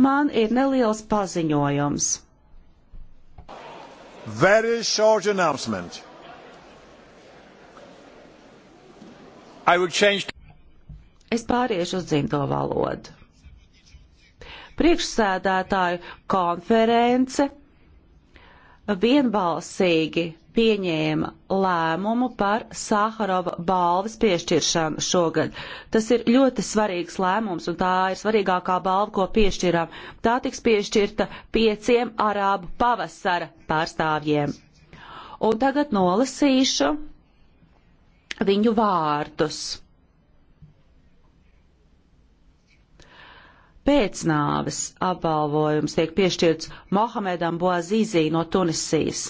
man ir neliels paziņojums. Very short announcement. I will change. Es pāriešu uz dzimto valodu. Priekšsēdētāju konference vienbalsīgi pieņēma lēmumu par Sāharova balvas piešķiršanu šogad. Tas ir ļoti svarīgs lēmums, un tā ir svarīgākā balva, ko piešķirām. Tā tiks piešķirta pieciem arābu pavasara pārstāvjiem. Un tagad nolasīšu viņu vārdus. pēcnāves apbalvojums tiek piešķirts Mohamedam Boazīzī no Tunisijas.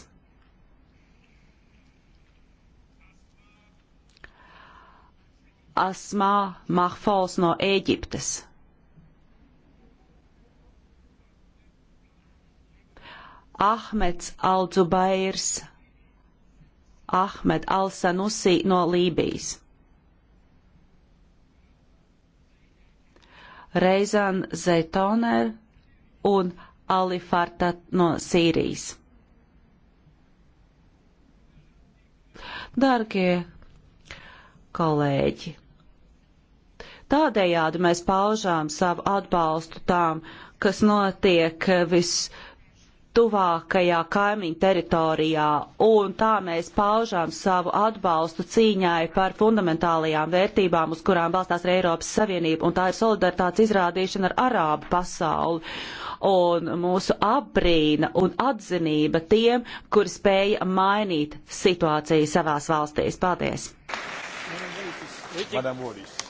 Asmā Mahfols no Ēģiptes. Ahmeds Aldzubairs, Ahmed Al-Sanusi no Lībijas. Reizan Zeitoner un Ali Farta no Sīrijas. Dargie kolēģi, tādējādi mēs paužām savu atbalstu tām, kas notiek viss tuvākajā kaimiņu teritorijā, un tā mēs paužām savu atbalstu cīņai par fundamentālajām vērtībām, uz kurām balstās arī Eiropas Savienība, un tā ir solidaritātes izrādīšana ar arābu pasauli. Un mūsu apbrīna un atzinība tiem, kur spēja mainīt situāciju savās valstīs. Paldies! Madam Wallis.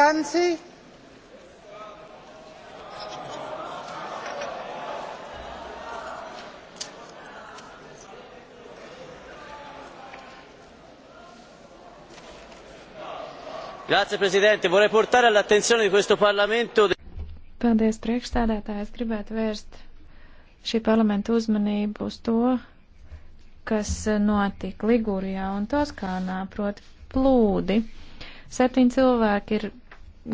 vacanze? Grazie Presidente, vorrei portare all'attenzione di questo Parlamento. Paldies priekšstādātāji, es gribētu vērst šī parlamenta uzmanību uz to, kas notika Ligūrijā un Toskānā, proti plūdi. Septiņi cilvēki ir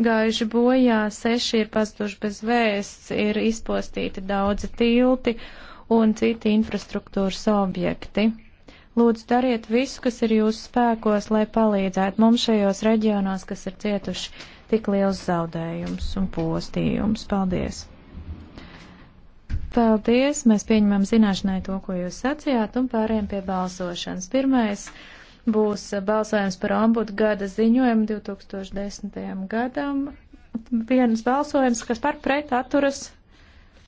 gājuši bojā, seši ir pazuduši bez vēsts, ir izpostīti daudzi tilti un citi infrastruktūras objekti. Lūdzu, dariet visu, kas ir jūsu spēkos, lai palīdzētu mums šajos reģionos, kas ir cietuši tik liels zaudējums un postījums. Paldies! Paldies! Mēs pieņemam zināšanai to, ko jūs sacījāt, un pārējiem pie balsošanas. Pirmais būs balsojums par ombudu gada ziņojumu 2010. gadam. Vienas balsojums, kas par pret atturas